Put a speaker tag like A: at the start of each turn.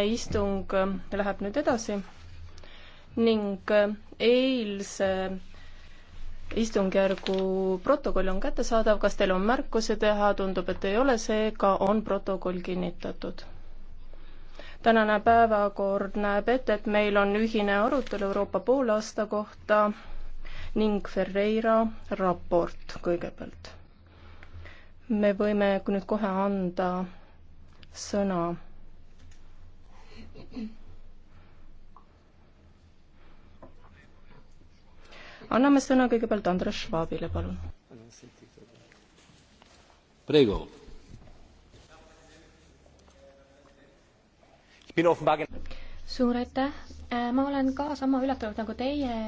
A: istung äh, läheb nüüd edasi ning äh, eilse istungjärgu protokoll on kättesaadav, kas teil on märkusi teha, tundub, et ei ole, seega on protokoll kinnitatud. tänane päevakord näeb ette, et meil on ühine arutelu Euroopa poolaasta kohta ning Ferreira raport kõigepealt. me võime nüüd kohe anda sõna anname sõna kõigepealt Andres Schwabile, palun.
B: Prego.
C: suur aitäh, äh, ma olen ka sama üllatunud nagu teie